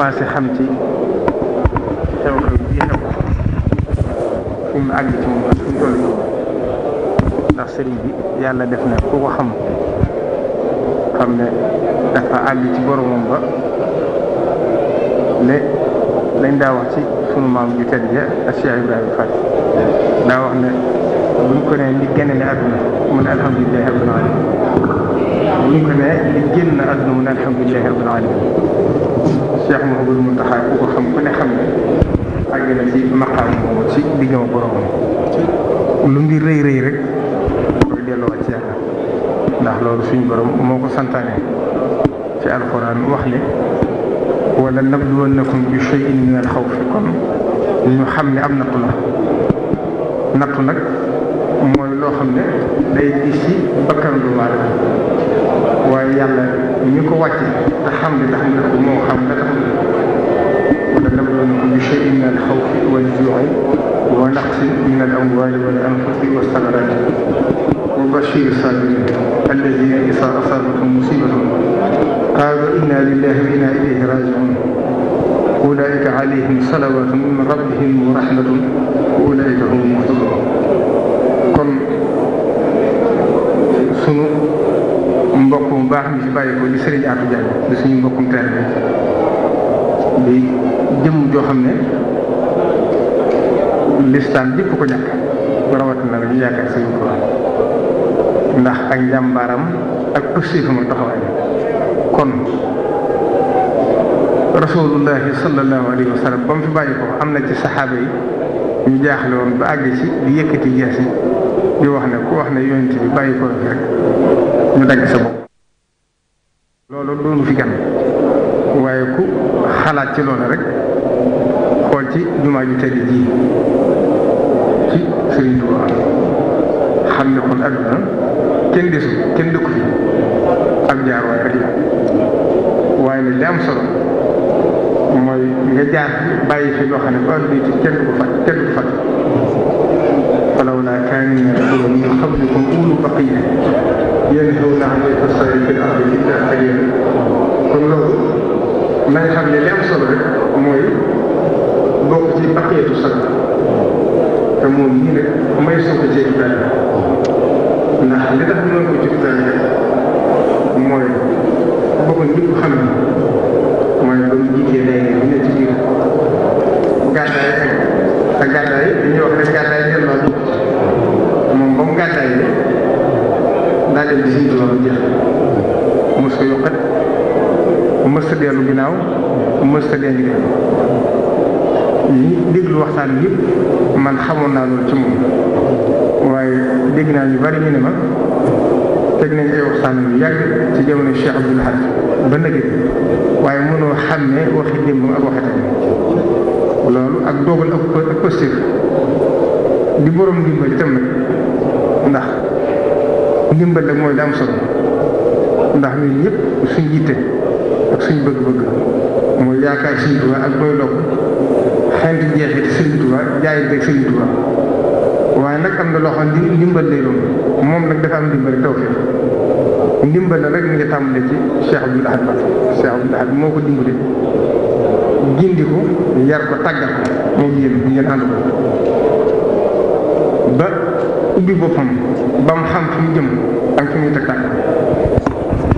commencé xam ci xew mu àgg ci moom suñ toll bi yàlla def na ku ko xam xam ne ci boromam ba lé ci sunu maam ju tedd li gën a ne àdduna mi ngi ko ne li génn àdduna mu ne alhamdulilahi rabbil alamin Cheikh Mouhamadou Mountakha ku ko xam ku ne xam ne àgg na ci maqaam moomu ci diggam boromam lu mbir rëy rëy rek koy delloowaat ci yàlla ndax loolu suñu borom moo ko santaane ci alxuraan wax ne wala nabluwannakum bi shay'in min al xawf kon ñu xam ne am nattu la nattu nag mooy loo xam ne day gis ci bakkan lu maa waaye yàlla ñu ko wàcce te xam ne tax na ko moo xam la tax na wala nabluwannakum bi shay'in min al-khawfi wal-ju'i wa naqsin min al-amwali wal-anfusi was-samarati wa bashiri sabirin alladhina idha asabatuhum musibatun qalu inna lillahi wa inna ilayhi raji'un ulaika alayhim salawatun min rabbihim wa rahmatun wa ulaika humul muhtadun mu baax mi fi bàyyi ko di Serigne Atou Diagne di suñu mbokkum teel bi di joo xam ne listaan yëpp ko ñàkk rawatina la ñu yaakaar Serigne Touba ndax ak njàmbaaram ak pëstéefu ma taxawaay kon rasulullahi sallallahu alayhi wa ba mu fi bàyyi ko am na ci saxaaba yi ñu jaaxle woon ba àgg ci di yëkkati jees yi di wax ne ku wax ne yonent bi bàyyi ko rek ñu dagg sa bopp duñ fi waaye ku xalaat ci loolu rek xool ci jumaa ju tedd ji ci Sëriñ Tuubaa xam ne kon adduna kenn desu kenn dëkku fi ak waaye nag li am solo mooy nga jaar bàyyi fi loo xam ne ba bii ci kenn du fat kenn du fat falawlaa kaana min qablikum uluu baqiyyatin yanhawna anil fahshaa'i fil ardi nañ xam ne li am solo rek mooy bokk ci paquetu sax te nii rek may soog a jéggi daal li tax ñu doon ko jéggi daal rek mooy bokk ñëpp xam ne mooy ba mu jigéen léegi ñu ne ci biir gàddaay ak te gàddaay dañuy wax rek gàddaay delloo moom ba mu gàddaay daa dem di si loolu jeex mos ko yokkat mësta dellu ginnaaw mësta denc ñi déglu waxtaan bi man xamoon naa loolu ci moom waaye dégg naa ñu bari ñu ne ma teg nañ ay waxtaan yu yàgg ci jamono Cheikh Abdoul Ahad ba nëgë waaye mënoo xàmmee waxi démb ak waxi tey loolu ak doogal ak ak positif di borom ndimbal itam nag ndax ndimbal la mooy la solo ndax ñun ñëpp suñ jiite. ak suñ bëgg-bëgg mooy yaakaar Sëriñ Tuubaa ak doy loo ko xeeti jeexit Sëriñ Tuubaa jaayit ak Sëriñ Tuubaa waaye nag xam na loo xam ni ndimbal lay doon moom nag dafa am ndimbal tawfeex ndimbal la rek mi ngi tàmbalee ci Cheikh Abdoul moo ko dimbali gindi ko yar ko tàggal ko moom yéen ngeen ànd ko ba ubbi boppam ba mu xam fi jëm ak fi muy teg tàgg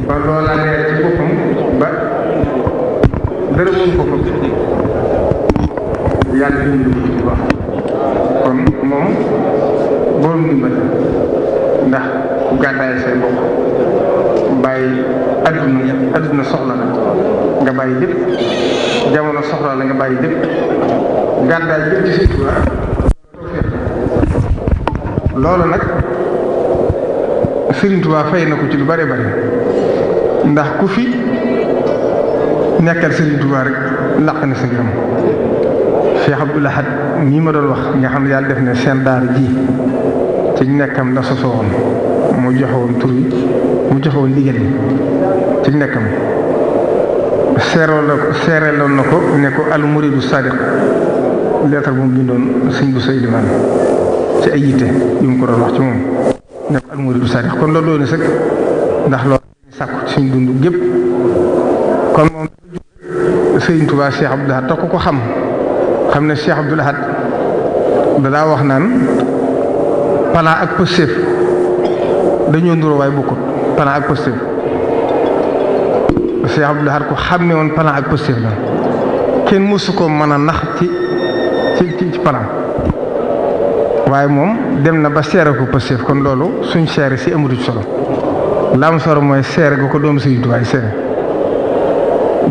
ba loola leer ci gërëmoon ko fa yàlla bind ko ci wax ndax ku say mbokk bàyyi adduna adduna soxla la nga bàyyi lépp jamono soxla nga bàyyi lépp gàddaay lépp ci Sëriñ Tuubaa loolu nag Sëriñ Tuubaa fay na ko ci lu bare bare ndax ku fi nekkal Serigne Touba rek laq na sa gërëm Cheikh Abdoul Ahad nii ma doon wax nga xam ne yàlla def ne seen daara ji ci nekkam la sosoo woon mu joxewoon tur yi mu joxewoon ndigal yi ci nekkam seeroo la ko seereeloon na ko ne ko al muridu sadiq leetar bu mu bindoon sëñ bu Seydou Mane ci ay yitte yu mu ko doon wax ci moom ne ko al muridu kon loolu doon na sëkk ndax loolu sàkku suñ dund gépp kon moom sëriñ Tuubaa Cheikh Abdoul Ahad te ku ko xam xam ne Cheikh Abdoul Ahad dadaa wax naan palaa ak positif dañoo nuroo waaye bokkut palaa ak positif Cheikh Abdoul Ahad ku xàmme woon ak positif la kenn mësu ko mën a nax ci ci ci palaa waaye moom dem na ba seere ko positif kon loolu suñ seere si amatu ci solo laam solo mooy seere gu ko doom sëriñ Tuubaa seere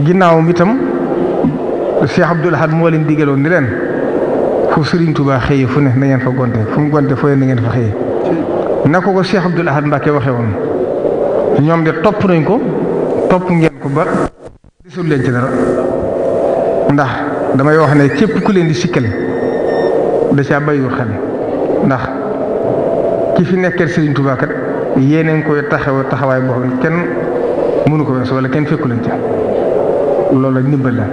ginnaawam itam Cheikh Abdoul Ahad moo leen digaloon ni leen fu Serigne Touba xëyee fu ne na ngeen fa gonte fu mu gonte foo na ngeen fa xëyee na ko ko Cheikh Abdoul Ahad Mbacke waxe woon ñoom de topp nañ ko topp ngeen ko ba gisul leen ci dara ndax damay wax ne képp ku leen di sikkal da caa bàyyiwul xel ndax ki fi nekkee Serigne Touba kat yéeneen koy taxaw taxawaay boo xam ne kenn mënu ko weesu wala kenn fekku leen ci loolu la ndimbal la.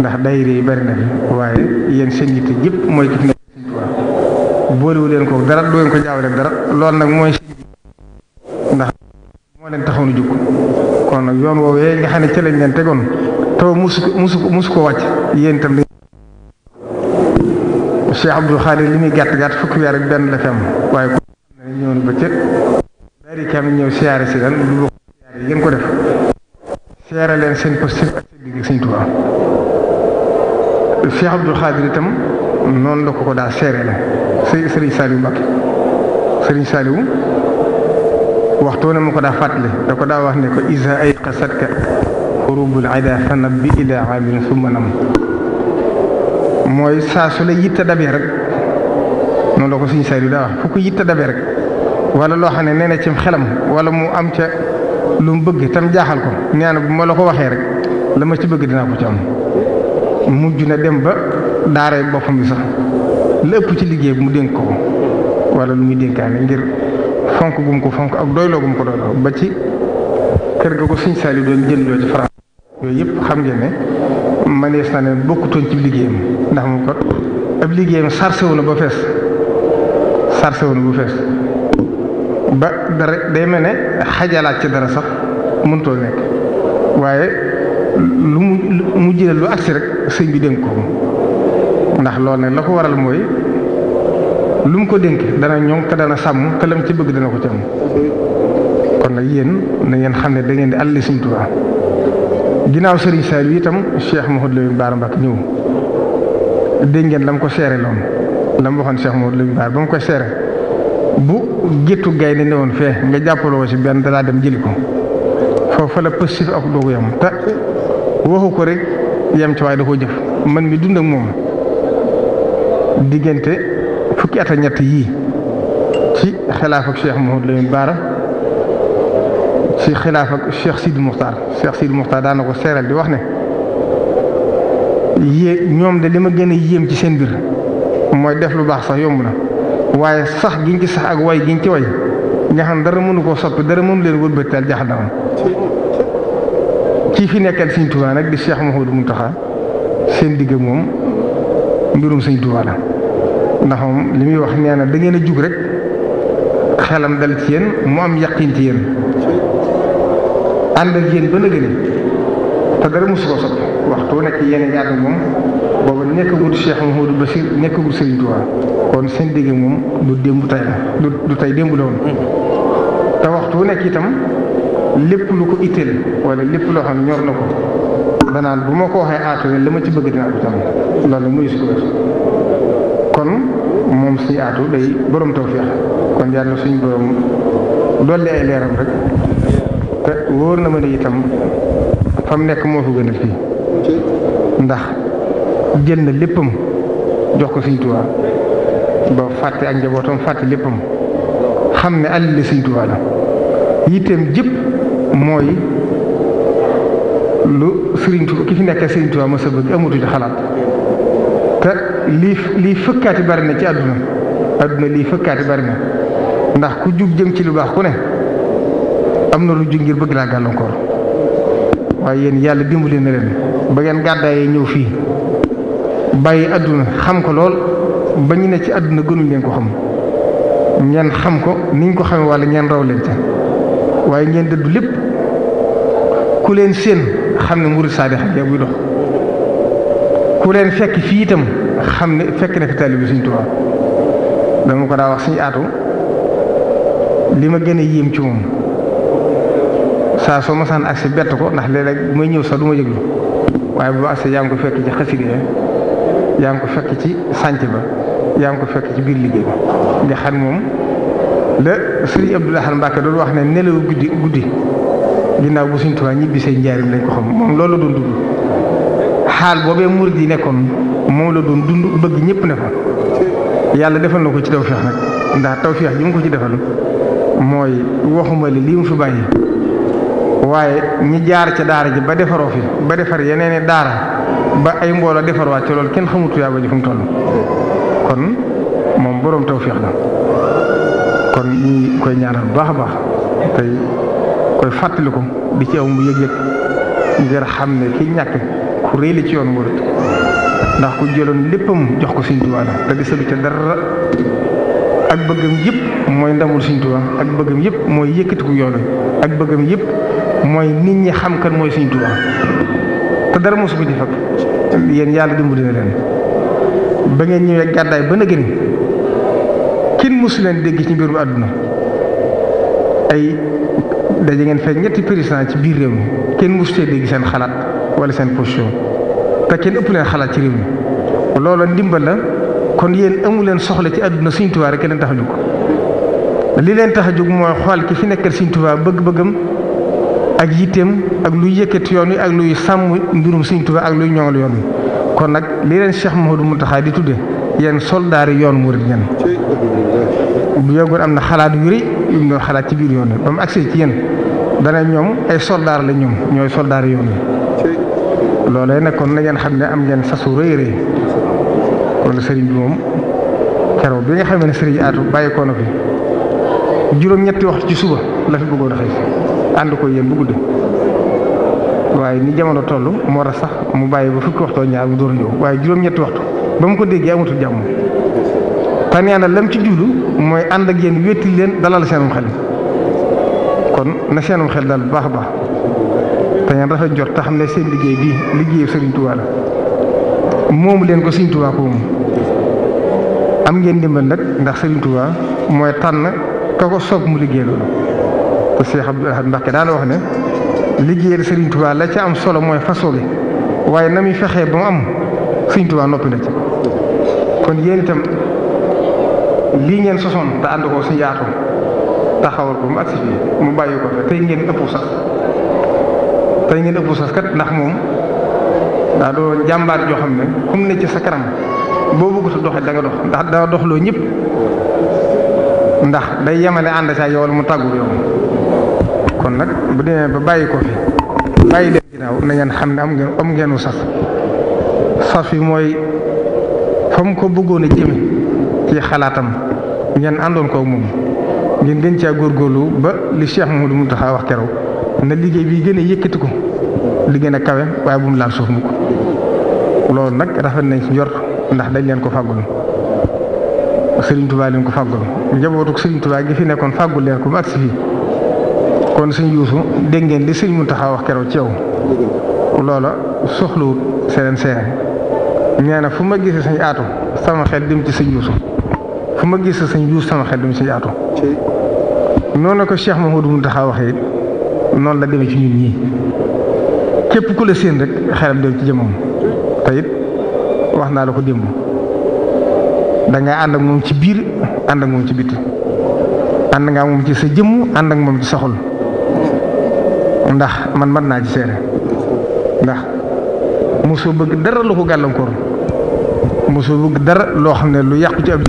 ndax daayira yi bari na fi waaye yéen seen yitte yëpp mooy ki fi nekk Sëriñ Tuubaa boolewu leen ko dara doo leen ko jaawale dara lool nag mooy ndax moo leen taxaw nu jóg kon nag yoon woowee nga xam ne ci lañ leen tegoon taw musu musu musu ko wàcc yéen tamit dañ Cheikh Abdou Khadir li muy gàtt gàtt fukki weer ak benn la fi am waaye ko xam ne ñëw ba cëg dari ñëw siyaare si lan lu bokk siyaare yi ngeen ko def siyaare leen seen positif ak seen digg Cheikh Abdou Khadir itam noonu la ko ko daa seere la Serigne Saliou Mbacké Serigne Saliou waxtu ne ma ko daa fàttali da ko daa wax ne ko isa ay qasadka xurubul ada fanab bi ila amin summa mooy saa su la yitta dabee rek noonu la ko Serigne Saliou daa fu ko yitta dabee rek wala loo xam ne nee na cim xelam wala mu am ca lu mu bëgg tam jaaxal ko nee na bu ma la ko waxee rek la ma ci bëgg dinaa ko ci am mujj na dem ba daaray boppam bi sax lépp ci liggéey bi mu dénk ko wala lu muy dénkaane ngir fonk gum ko fonk ak doyloo gum ko doyloo ba ci kër ga ko suñ saali doon jëndoo ci France yooyu yëpp xam ngeen ne manees na ne bokkutoon ci liggéeyam ndax moom kon ab liggéeyam sarse wu na ba fees sarse wu na bu fees ba dara day mel ne xajalaat ci dara sax mënutoo nekk waaye lu mu mu jël lu agsi rek sëñ bi dénk ko ndax loolu ne la ko waral mooy lu mu ko dénk dana ñoŋ te dana sàmm te lam ci bëgg dana ko ci am kon nag yéen na ngeen xam ne dangeen di àlli Sëriñ Tuubaa ginnaaw Sëriñ Saliou itam Cheikh Mouhamadou Lamine Bara Mbacké ñëw dégg ngeen la mu ko seere loon la mu waxoon Cheikh Mouhamadou Lamine Bara ba mu koy seere bu géttu gay ne newoon fee nga jàppaloo ci benn danaa dem jëli ko foofu la positif ak doogu yam te waxu ko rek yem ci waaye da koo jëf man mi dund ak moom diggante fukki atal ñett yii ci xilaaf ak Cheikh Mouhamadou Lamine Bara ci xilaaf ak Cheikh Sidi Moukhtar Cheikh Sidi Moukhtar daan ko seeral di wax ne yée ñoom de li ma gën a yéem ci seen biir mooy def lu baax sax yomb na waaye sax giñ ci sax ak way giñ ci way nga xam dara mënu koo soppi dara mënu leen wëlbateel jaxal na kii fi nekkal sëñ Tuubaa nag di du mu Mountakha seen digg moom mbirum sëñ Tuubaa la ndax moom li muy wax nee na dangeen a jug rek xelam dal ci yéen mu am yaqin ci yéen ànd ak yéen ba na te dara mosu ko soppi waxtu nekk yéen a moom booba nekkagul Cheikh Mouhamadou Bachir nekkagul Sëriñ Tuubaa kon seen digg moom lu démb tey la du tey démb mm-hmm. te waxtu nekk itam. lépp lu ko itteel wala lépp loo xam ñor na ko danaan bu ma ko waxee aatoo la ma ci bëgg dinaa ko ci am loolu muy suñu kon moom suñu aatu day borom tawféex kon yàlla suñu borom dolli ay leeram rek te wóor na ma ne itam fa nekk moo fi gënal fii ndax jël na léppam jox ko Sëriñ Tuubaa ba fàtte ak njabootam fàtte léppam xam ne alal la Sëriñ la yitteem jëpp mooy lu Serigne Touba ki fi nekkee Serigne ma sa a bëgg amatu xalaat te lii lii fëkkaati bari na ci àdduna àdduna lii fëkkaati bari na ndax ku jug jëm ci lu baax ku ne am na lu jug ngir bëgg laa gàllankoor waaye yéen yàlla dimbali na leen ba ngeen gàddaayee ñëw fii bàyyi àdduna xam ko lool ba ñu ne ci àdduna gënuñ leen ko xam ñeen xam ko niñ ko xamee walla ñeen raw leen ca waaye ngeen dëddu lépp ku leen seen xam ne murid saadix ak buy dox ku leen fekk fii itam xam ne fekk na fi taalibe Sëriñ Tuubaa dama ko daa wax suñu aatu li ma gën a yéem ci moom saa soo ma saan agsi bett ko ndax léeg-léeg may ñëw sax du ma jéglu waaye boo agsi yaa ngi ko fekk ci xasida yaa ngi ko fekk ci sànc ba yaa ngi ko fekk ci biir liggéey bi nga moom da sëriñ Abdou Lahad Mbacke doon wax ne nelaw guddi guddi ginnaaw bu Sëriñ Tuubaa ñibbi seen njaarim lañ ko xam moom loolu la doon dund xaal boobee murid yi nekkoon moom la doon dund bëgg ñëpp ne fa yàlla defal na ko ci tawfeex nag ndax tawfeex bi mu ko ci defal mooy waxuma li lii mu fi bàyyi waaye ñi jaar ca daara ji ba defaroo fi ba defar yeneen daara ba ay mbooloo defarwaat ci loolu kenn xamutu yaa ba ji fu mu toll kon moom boroom tawfeex la kon ñu koy ñaanal bu baax a baax tey koy fàttaliku di ci aw mu yëg-yëg ngir xam ne ki ñàkk ku rëy la ci yoon murit ndax ku jëloon léppam jox ko Sëriñ Tuubaa la te gisalu dara ak bëggam yëpp mooy ndamul Sëriñ ak bëggam yëpp mooy yëkkatiku yoon ak bëggam yëpp mooy nit ñi xam mooy Sëriñ Tuubaa te mosu ko ci fekk yéen yàlla dimbali na leen ba ngeen ñëwee gàddaay ba na gën kenn mësu leen dégg ci mbirum àdduna ay daje ngeen fay ñetti président ci biir réew mi kenn mësu see dégg seen xalaat wala seen postion te kenn ëpp leen xalaat ci réew mi loola ndimbal la kon yéen amu leen soxla ci àdduna Sëriñ Tuubaa rek leen tax a jóg li leen tax a jóg mooy xool ki fi nekkal Sëriñ Tuubaa bëgg-bëggam ak yitteem ak luy yëkkati yoon wi ak luy sàmm mbirum Sëriñ Tuubaa ak luy ñoŋal yoon wi kon nag li leen Cheikh mun Mountakha di tuddee. yéen soldaari yoon murit ngeen bu yëgoon am na xalaat yu rëy yu mu doon xalaat ci biir yoon bi ba mu agsi ci yéen dana ñoom ay soldaar la ñoom ñooy soldaari yoon wi loolee nag kon na ngeen xam ne am ngeen sasu rëy rëy kon sëriñ bi moom keroog bi nga xam ne sëriñ Atou bàyyi ko na fi juróom-ñetti wax ci suba la fi bëggoon a xëy ànd ko yéen bu guddi waaye ni jamono toll moo tax sax mu bàyyi ba fukki waxtoo ñaar mu door ñëw waaye juróom ba mu ko déggee amatul jàmm te nee na lam ci jublu mooy ànd ak yéen wétti leen dalal seenum xel kon na seenum xel daal bu baax a baax te ngeen jot te xam ne seen liggéey bi liggéeyu Serigne Touba la moomu leen ko Serigne Touba ko moom am ngeen ndimbal nag ndax Serigne Touba mooy tànn ka ko soob mu liggéey loolu te Cheikh Abdou Ahad Mbacké daana wax ne liggéeyal Serigne Touba la ca am solo mooy façon bi waaye na muy fexee ba mu am Serigne Touba noppi na ci kon yéen itam lii ngeen sosoon te ànd ko si yaatu taxawal ko mu agsi fii mu bàyyi ko fa tey ngeen ëpp sax tey ngeen ëpp sax kat ndax moom daa doo jàmbaar joo xam ne comme ne ci sa kanam boo bëgg sa doxee da nga ndax daa dox loo ñëpp day yemale ànd saa mu tàggu yow nag bu demee ba bàyyi ko fi bàyyi leen ginnaaw na ngeen xam ne am ngeen am ngeenu sax sas wi mooy comme ko bëggoon a jëme ci xalaatam ngeen àndoon ko moom ngeen gën góor góorgóorlu ba li Cheikh Mouhamadou Mountakha wax keroog na liggéey bi gën a yëkkati ko li gën a kawe waaye bu mu laal suuf loolu nag rafet nañ ci njort ndax dañ leen ko fàggul Serigne Touba leen ko fàggul njabootu Serigne Touba gi fi nekkoon fàggul leen ko ak agsi fii kon suñ yuusu dégg ngeen li Serigne Mountakha wax keroog ci yow loola soxlawut seen seere nee na fu ma gisee sañ aatu sama xel dem ci sëñ Yuusuf fu ma gisee sañ Yuusuf sama xel dem ci sañ aatu noonu la ko Cheikh Mahmoud Mountakha waxee noonu la deme ci ñun ñii képp ku la séen rek xelam dem ci jëmmam te it wax naa la ko démb da ànd ak moom ci biir ànd ak moom ci bitti ànd ngaa moom ci sa jëmm ànd ak moom ci sa xol ndax man man naa ci seere ndax mosoo bëgg dara lu ko gàllankoor. mosul bëgg dara loo xam ne lu yàqu ci ab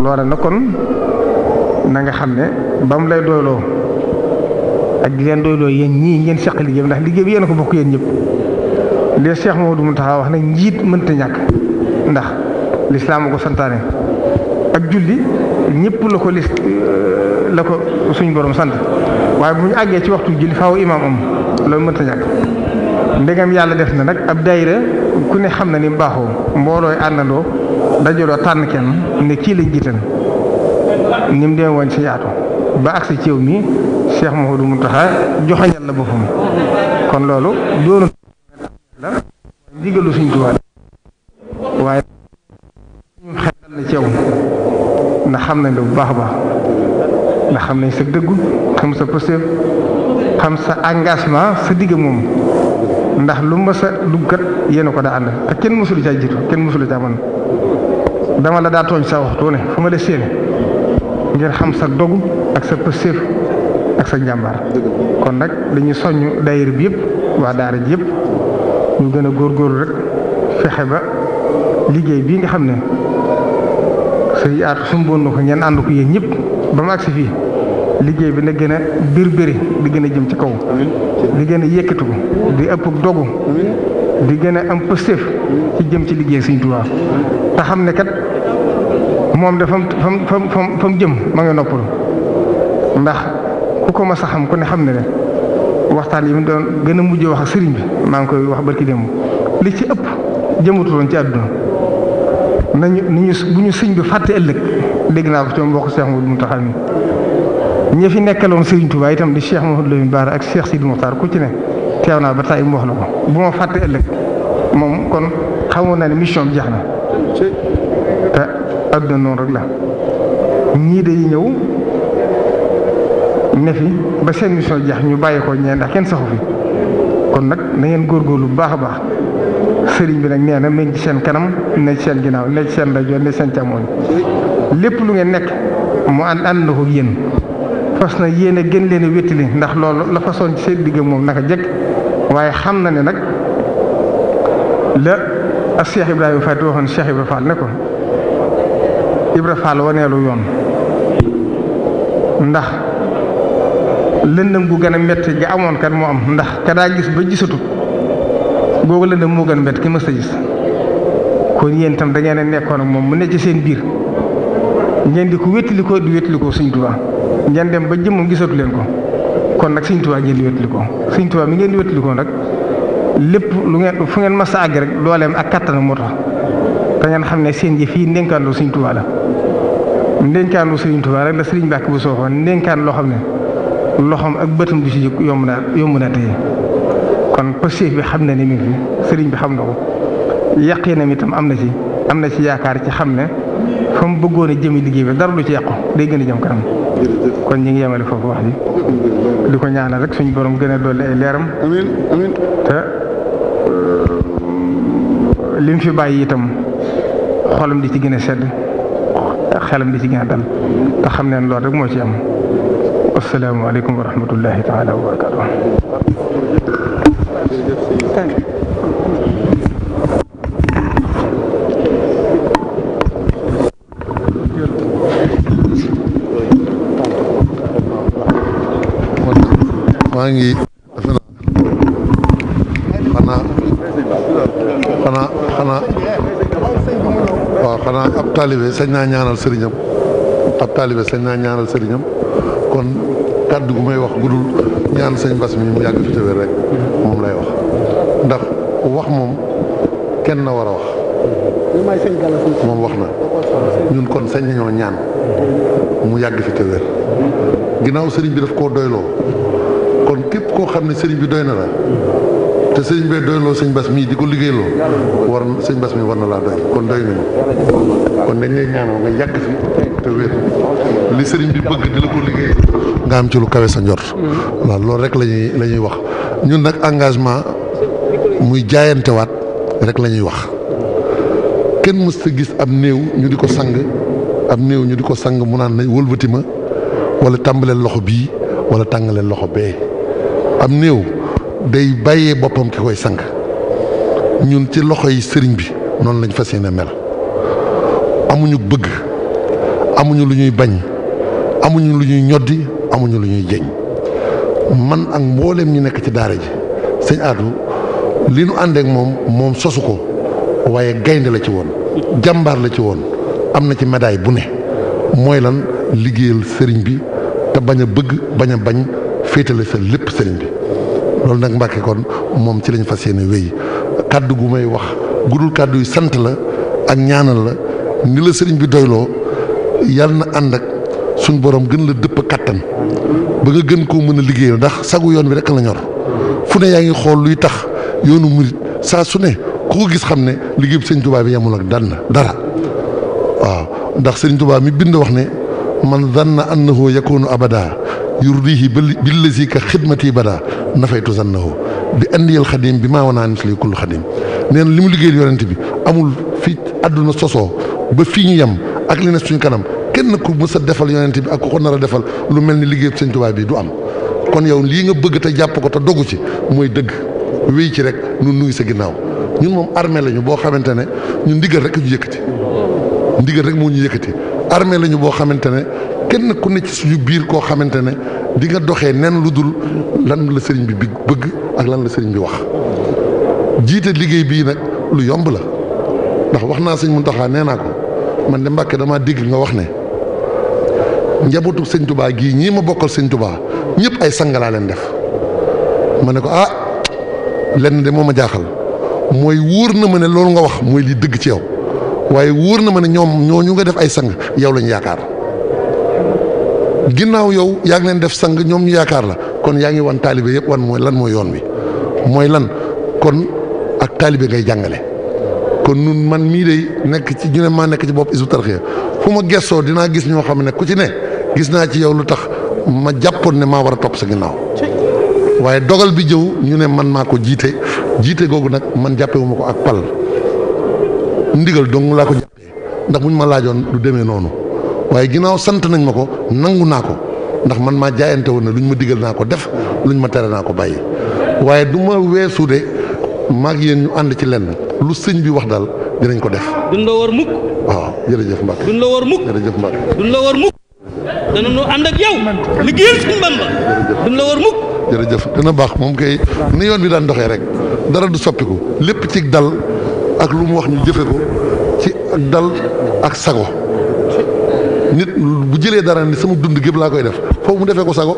loola na kon na nga xam ne ba mu lay doyloo ak di leen doyloo yéen ñii ngeen seq liggéey ndax liggéey bi yéen ko bokk yéen ñëpp li Cheikh Mamadou Mountakha wax ne njiit mënta ñàkk ndax lislaam a ko santaane ak julli ñëpp la ko list euh, la ko suñ borom sant waaye bu ñu àggee ci waxtu julli faw imaam am loolu mënta ñàkk ndegam yàlla def na nag ab daayira ku ne xam na ni baaxoo mboolooy àndandoo dajaloo tànn kenn ne kii lañ jiital ni mu demee ci yaatu ba agsi ci yow mi Cheikh Mouhamadou Mountakha joxañal la boppam kon loolu doonu la ndigalu suñ tubaab waaye ñu xetal na ndax xam nañ la bu baax baax ndax xam nañ sa dëggu xam sa pëseef xam sa engagement sa digg moom ndax lu mës a duggat yéen a ko daa ànd te kenn mësul caa jiitu kenn mësul caa mën dama la daa tooñ sa waxtu ne fu ma la séen ngir xam sa dogu ak sa pëseef ak sa njàmbaar kon nag dañuy soññ daayir bi yëpp waa daara ji ñu gën a góorgóorlu rek fexe ba liggéey bii nga xam ne. suñu yaatu sumboon na ko ngeen ànd ko yéen ñëpp ba mu agsi fii liggéey bi na gën a bir biri di gën a jëm ci kaw di gën a yëkkatu ko di ëpp dogu di gën a am pëstéef ci jëm ci liggéey Sëriñ Tuubaa te xam ne kat moom de fam fam fam fam jëm ma nga noppalu ndax ku ko mas a xam ku ne xam ne ne waxtaan yi mu doon gën a mujj wax ak sëriñ bi maa ngi koy wax barki démb li ci ëpp jëmutuloon ci àdduna nañu nañu bu ñu sëñ bi fàtte ëllëg dégg naa ko ci moom mbokk Cheikh Mouhamadou Mountakha mi ñi fi nekkaloon Serigne Touba itam di Cheikh Mouhamadou Lamine Bara ak Cheikh Sidi Mokhtar ku ci ne teew naa ba tàyyi mu wax la ko bu ma fàtte ëllëg moom kon xamoon naa ne mission bi jeex na te àdduna noonu rek la ñii day ñëw ne fi ba seen mission jeex ñu bàyyi ko ñee ndax kenn saxu fi kon nag na ngeen góorgóorlu bu baax a baax. sëriñ bi nag nee na mi ngi ci seen kanam ne seen ginnaaw ne ci seen rajo seen càmmoñ lépp lu ngeen nekk mu ànd ànd na ko yéen fas na yéen a gën leen a ndax loolu la façon ci seen digg moom naka jëkk waaye xam na ne nag la ak Cheikh Ibrahima Fall waxoon Cheikh Ibrahima Fall ne ko Ibrahima waneelu yoon ndax lëndëm gu gën a métti gi amoon kan mu am ndax ka daa gis ba gisatut googu la dem moo gën ki mës a gis kon yéen itam da ngeen nekkoon ak moom mu ne ci seen biir ngeen di ko wétali ko di wétali ko Sëñ Tuubaa ngeen dem ba jëmmam gisatu leen ko kon nag Sëñ Tuubaa ngeen di wétali ko Sëñ ngeen di wétali ko lépp lu ngeen fu ngeen mës a àgg rek dooleem ak kattanam moto tax da xam ne seen yëf fii ndénkaanlu Sëñ Tuubaa la ndénkaanlu Sëñ Tuubaa rek la Sëriñ Mbàkke bu sooxoon ndénkaan loo xam ne loxoom ak bëtam du ci yomb naa yomb naa tey kon positif bi xam na ni mi fi sëriñ bi xam na ko yaqinam itam am na ci am na ci yaakaar ci xam ne fa mu bëggoon a jëmi liggéey bi dara lu ci yàqu day gën a jëm kanam kon ñi ngi yamale foofu wax ji di ko ñaanal rek suñu borom gën a dolli ay leeram amiin amiin te lim fi bàyyi itam xolam di ci gën a sedd xelam di ci gën a dal te xam ne loolu rek moo ci am asalaamaaleykum wa rahmatullahi taala wa barakatuh maa ngi defe xanaa xanaa xanaa waaw xanaa ab taalibe sañ naa ñaanal sëriñam ab taalibe sañ naa ñaanal sëriñam kon kàddu gu may wax gudul ñaan sëñ mbas mi mu yàgg fi tawér rek moom lay wax ndax wax moom kenn na war a wax moom wax na ñun kon sañ nañoo ñaan mu yàgg fi tawér ginnaaw sëriñ bi daf koo doyloo kon képp koo xam ne sëriñ bi doy na la te sëriñ bee doyloo sëñ mii di ko liggéeyloo war sëñ bas mi war na laa kon doy kon dañ li sëriñ bi bëgg di la ko liggéey nga am ci lu kawe sa njor waaw loolu rek lañuy la wax ñun nag engagement muy jaayantewaat rek lañuy wax kenn mës ta gis ab néew ñu di ko sang ab néew ñu di ko sang mu naan na wëlbati ma walla tàmbaleel loxo bii wala tàngaleel loxo bee am néew day bàyyee boppam ki koy sang ñun ci loxo yi sëriñ bi noonu lañ fa yéene mel amuñu bëgg amuñu lu ñuy bañ amuñu lu ñuy ñoddi amuñu lu ñuy jeñ man ak mbooleem ñu nekk ci daara ji sëñ Atou li nu àndeek moom moom sosu ko waaye gaynde la ci woon jàmbaar la ci woon am na ci médaille bu ne mooy lan liggéeyal sëriñ bi te bañ a bëgg bañ a bañ féetale sa lépp sëriñ bi loolu nag Mbàkke kon moom ci lañ fas yéene wéy kàddu gu may wax gudul kàdduy sant la ak ñaanal la ni la sëriñ bi doyloo yàlla na ànd ak suñ borom gën la dëpp kàttan ba nga gën koo mën a liggéeyal ndax sagu yoon bi rek la ñor fu ne yaa ngi xool luy tax yoonu murit saa su ne ku ko gis xam ne liggéey bi sëriñ Tuubaa bi yemul ak dara dara waaw ndax sëriñ Tuubaa mi bind wax ne man na na annahu yakunu abada yurdihi billazi ka xidmati bada nafaytu zannahu bi andiyal xadim bi maa wanaa misli kullu xadim nee li mu liggéeyal yonent bi amul fi àdduna sosoo ba fii ñu yem ak li ne suñu kanam kenn ku mës a defal yonent bi ak ku ko nar a defal lu mel ni liggéey Sëñ Tuubaa bi du am kon yow lii nga bëgg te jàpp ko te dogu ci mooy dëgg wéy ci rek nu nuy sa ginnaaw ñun moom armee lañu boo xamante ne ñun ndigal rek ñu yëkkati ndigal rek moo ñu yëkkati armée lañu boo xamante ne kenn ku ne ci suñu biir koo xamante ne di nga doxee nen lu dul lan la sëriñ bi bëgg ak lan la sëriñ bi wax jiite liggéey bii nag lu yomb la ndax wax naa sëñ Muntaxa nee naa ko man de Mbàkke damaa dégg nga wax ne njabootu sëñ Tubaa gii ñii ma bokkal sëñ Tubaa ñëpp ay sangalaa laa leen def ma ne ko ah lenn de moom ma jaaxal mooy wóor na ma ne loolu nga wax mooy li dëgg ci yow waaye wóor na ma ne ñoom ñu nga def ay sang yow lañu yaakaar ginnaaw yow yaa ngi leen def sang ñoom ñu yaakaar la kon yaa ngi wan taalibe yëpp wan mooy lan moo yoon wi mooy lan kon ak taalibe ngay jàngale. kon nun man mii day nekk ci ñu ne maa nekk ci bopp Hizbut Tarqiyyah fu ma gestoo dinaa gis ñoo xam ne ku ci ne gis naa ci yow lu tax ma jàppoon ne maa war a topp sa ginnaaw waaye dogal bi jëw ñu ne man maa ko jiite jiite googu nag man jàppewuma ko ak pal ndigal dong laa ko jàppee ndax buñ ma laajoon du demee noonu. waaye ginnaaw sant nañ ma ko nangu naa ko ndax man maa jaayante woon ne luñ ma digal naa ko def luñ ma tere naa ko bàyyi waaye du ma weesu de maag yéen ñu ànd ci lenn lu sëñ bi wax daal dinañ ko def. duñ la war mukk. jërëjëf dana baax moom kay ni yoon bi daan doxee rek dara du soppiku lépp ci dal ak lu mu wax ñu jëfe ko ci dal ak sago. nit bu jëlee dara ni sama dund gépp laa koy def foofu mu defee ko sago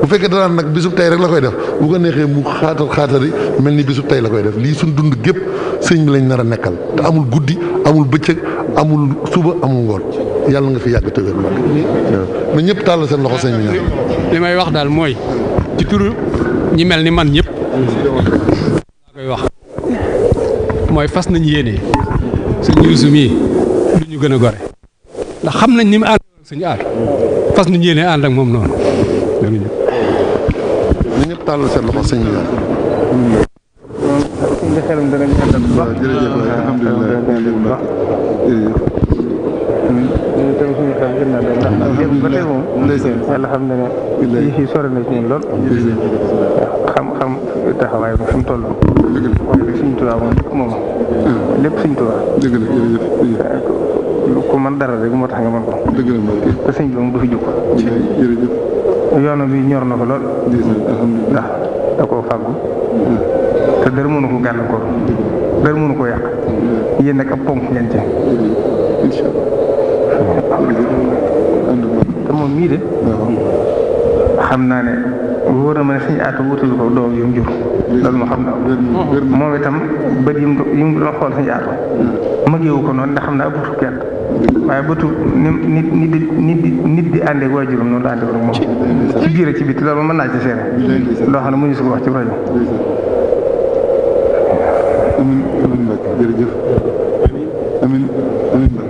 bu fekkee dara nag bisu tey rek la koy def bu ko neexee mu xaatal xaatali mel ni bisub tey la koy def lii suñ dund gépp sëñ bi lañ nar a nekkal te amul guddi amul bëccëg amul suba amul ngoon yàlla nga fi yàgg te wér na ñëpp tàll seen loxo sëñ bi li may wax daal mooy ci turu ñi mel ni man ñëpp koy wax mooy fas nañ yéene sëñ Yuusu mii du ñu gën a gore ndax xam nañ ni mu ànd ak suñu aar fas nañ yéene ànd ak moom noonu mu toll waaye nag lépp suñ tubaab ku man dara rek moo tax nga ma ko. dëgg la te sëñ bi moom du fi jóg. jërëjëf. bi ñor na ko lool. ndax da koo fàggu. te dara mënu ko gàllankoor. dara mënu ko yàq. yéen nag ab ponk ngeen te moom mii de. xam naa ne wóor na ma ne suñu aata wutal ko doom yu mu jur loolu ma xam naa moom itam bët yi mu doon xool suñu aata mag yow ko noonu ndax xam naa bu fukki at waaye bëtu ni nit nit di nit di nit di àndeeg waajuram noonu ci biir ci biti loolu mën naa ci seere loo xam ne mënuñu si ko wax ci rajo amin amin